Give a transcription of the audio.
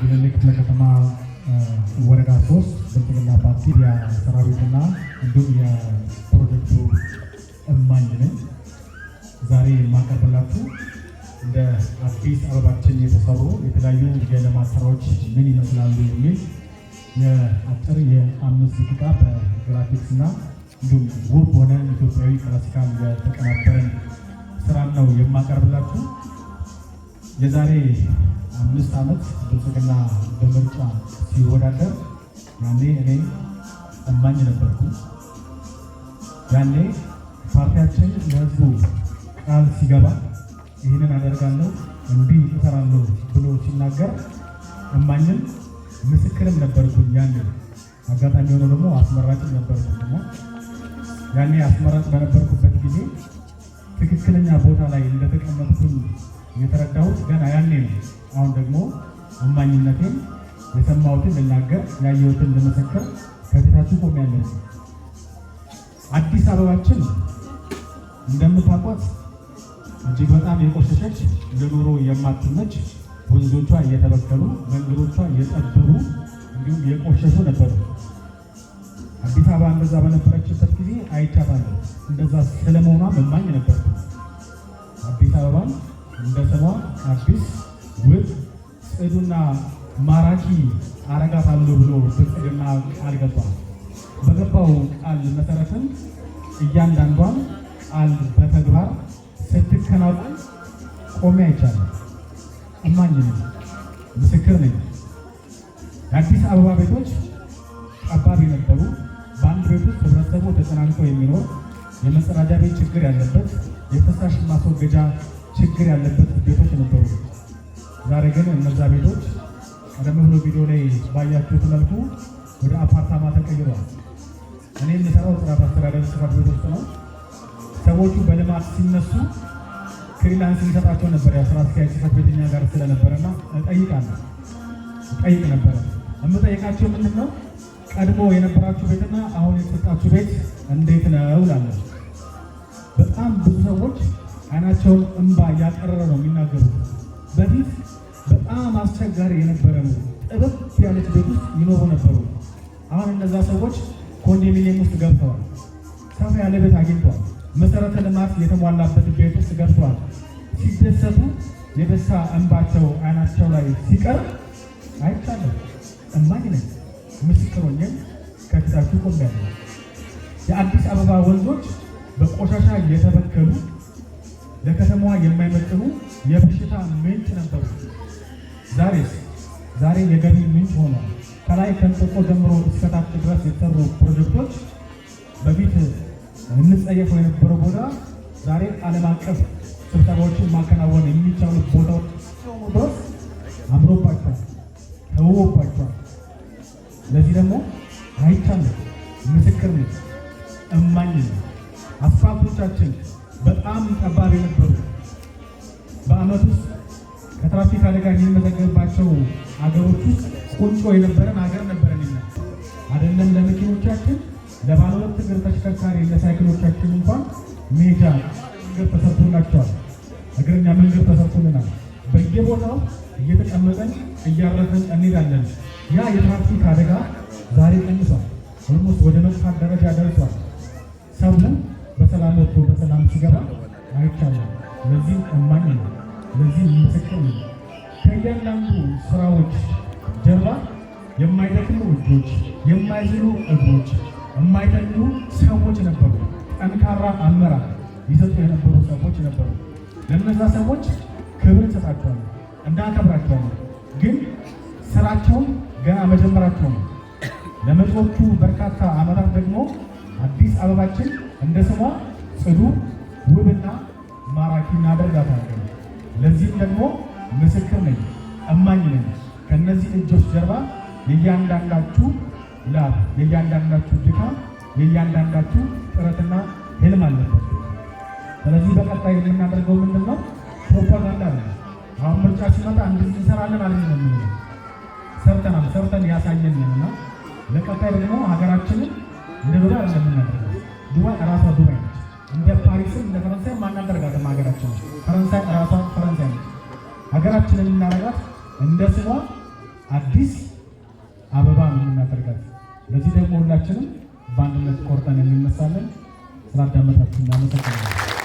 ምኒልክ ክፍለ ከተማ ወረዳ ሶስት ብልጽግና ፓርቲ የሰራዊትና እንዲሁም የፕሮጀክቱ እማኝ ነኝ። ዛሬ የማቀርብላችሁ እንደ አዲስ አበባችን የተሰሩ የተለያዩ የልማት ስራዎች ምን ይመስላሉ የሚል የአጭር የአምስት ደቂቃ በግራፊክስ እና እንዲሁም ውብ ሆነ ኢትዮጵያዊ ክላሲካል የተቀናበረን ስራ ነው የማቀርብላችሁ የዛሬ አምስት ዓመት ብልጽግና በምርጫ ሲወዳደር ያኔ እኔ እማኝ ነበርኩ። ያኔ ፓርቲያችን ለህዝቡ ቃል ሲገባ ይህንን አደርጋለሁ እንዲህ እሰራለሁ ብሎ ሲናገር እማኝም ምስክርም ነበርኩኝ። ያኔ አጋጣሚ የሆነው ደግሞ አስመራጭም ነበርኩኝ እና ያኔ አስመራጭ በነበርኩበት ጊዜ ትክክለኛ ቦታ ላይ እንደተቀመጥኩኝ የተረዳሁት ገና ያኔ ነው። አሁን ደግሞ አማኝነቴን የሰማሁትን ልናገር፣ ያየሁትን ልመሰክር ከፊታችሁ ቆሜያለሁ። አዲስ አበባችን እንደምታውቋት እጅግ በጣም የቆሸሸች ለኑሮ የማትመች ወንዞቿ እየተበከሉ መንገዶቿ እየጠበቡ እንዲሁም የቆሸሹ ነበሩ። አዲስ አበባ እንደዛ በነበረችበት ጊዜ አይቻታለሁ። እንደዛ ስለመሆኗ መማኝ ነበር አዲስ አበባን እንደ ስሟ አዲስ ውብ ጽዱና ማራኪ አረጋታለሁ ብሎ ብልጽግና ቃል ገባ። በገባው ቃል መሰረትም እያንዳንዷን ቃል በተግባር ስትከናወን ቆሜ አይቻለሁ። እማኝ ነኝ፣ ምስክር ነኝ። የአዲስ አበባ ቤቶች ጠባብ የነበሩ በአንድ ቤት ውስጥ ህብረተሰቡ ተጨናንቆ የሚኖር የመጸዳጃ ቤት ችግር ያለበት የፈሳሽ ማስወገጃ ችግር ያለበት ቤቶች ነበሩ። ዛሬ ግን እነዛ ቤቶች ቀደም ብሎ ቪዲዮ ላይ ባያችሁት መልኩ ወደ አፓርታማ ተቀይረዋል። እኔ የምሰራው ጥራት አስተዳደር ጽሕፈት ቤት ውስጥ ነው። ሰዎቹ በልማት ሲነሱ ፍሪላንስ ሊሰጣቸው ነበር። ያው ስራ አስኪያጅ ጽሕፈት ቤተኛ ጋር ስለነበረና እጠይቃለሁ እጠይቅ ነበረ። የምጠይቃቸው ምንድን ነው ቀድሞ የነበራችሁ ቤትና አሁን የተሰጣችሁ ቤት እንዴት ነው ላለ በጣም ብዙ ሰዎች አይናቸውን እንባ እያቀረረ ነው የሚናገሩት። በፊት በጣም አስቸጋሪ የነበረ ነው። ጥበብ ያለች ቤት ውስጥ ይኖሩ ነበሩ። አሁን እነዛ ሰዎች ኮንዶሚኒየም ውስጥ ገብተዋል። ሰፋ ያለ ቤት አግኝተዋል። መሰረተ ልማት የተሟላበት ቤት ውስጥ ገብተዋል። ሲደሰቱ የደስታ እንባቸው አይናቸው ላይ ሲቀር አይቻለም። እማኝ ነኝ ምስክር ሆኜም ከፊታችሁ ቆሜያለሁ። የአዲስ አበባ ወንዞች በቆሻሻ እየተበከሉ። ለከተማዋ የማይመጥኑ የበሽታ ምንጭ ነበሩ። ዛሬ ዛሬ የገቢ ምንጭ ሆኗል። ከላይ ከንጥቆ ጀምሮ እስከ ታች ድረስ የተሰሩ ፕሮጀክቶች በፊት እንጸየፈው የነበረው ቦታ ዛሬ ዓለም አቀፍ ስብሰባዎችን ማከናወን የሚቻሉ ቦታዎች ድረስ አምሮባቸዋል፣ ተውቦባቸዋል። ለዚህ ደግሞ አይቻለ ምስክር ነው፣ እማኝ ነው አስፋቶቻችን በጣም ጠባብ የነበሩ በአመት ውስጥ ከትራፊክ አደጋ የሚመዘገብባቸው ሀገሮች ውስጥ ቁንጮ የነበረን ሀገር ነበረን። ኛ አደለም ለመኪኖቻችን፣ ለባለሁለት እግር ተሽከርካሪ ለሳይክሎቻችን እንኳን ሜጃ መንገድ ተሰርቶላቸዋል። እግረኛ መንገድ ተሰርቶልናል። በየቦታው እየተቀመጠን እያረፈን እንሄዳለን። ያ የትራፊክ አደጋ ዛሬ ቀንሷል። ኦልሞስት ወደ መጥፋት ደረጃ ደርሷል። ሲገባ አይቻለም። ለዚህ እማኝ ነው፣ ለዚህ ምስክር ነው። ከእያንዳንዱ ስራዎች ጀርባ የማይደክሙ እጆች፣ የማይዝሉ እግሮች፣ የማይተኙ ሰዎች ነበሩ። ጠንካራ አመራር ይሰጡ የነበሩ ሰዎች ነበሩ። ለነዛ ሰዎች ክብር እንሰጣቸዋለን፣ እናከብራቸዋለን። ግን ስራቸውን ገና መጀመራቸው ነው። ለመጪዎቹ በርካታ አመታት ደግሞ አዲስ አበባችን እንደ ስሟ ጽዱ ውብና ማራኪ እናደርጋታለን። ለዚህም ደግሞ ምስክር ነኝ፣ እማኝ ነኝ። ከነዚህ እጆች ጀርባ የእያንዳንዳችሁ ላብ፣ የእያንዳንዳችሁ ድካም፣ የእያንዳንዳችሁ ጥረትና ህልም አለበት። ስለዚህ በቀጣይ የምናደርገው ምንድን ነው? ፕሮፓጋንዳ ነው። አሁን ምርጫ ሲመጣ እንድንሰራለን እንሰራለን አለ ነው የሚሆነ ሰርተናል። ሰርተን ያሳየን እና ለቀጣይ ደግሞ ሀገራችንን ንብረ አለ ፓሪስም እንደ ፈረንሳይ ማናደርጋትም ሀገራችን ፈረንሳይ ራሷ ፈረንሳይ ነች። ሀገራችንን የምናደርጋት እንደ ስሟ አዲስ አበባ ነው የምናደርጋት። ለዚህ ደግሞ ሁላችንም በአንድነት ቆርጠን እንነሳለን። ስላዳመጣችሁ እናመሰግናለን።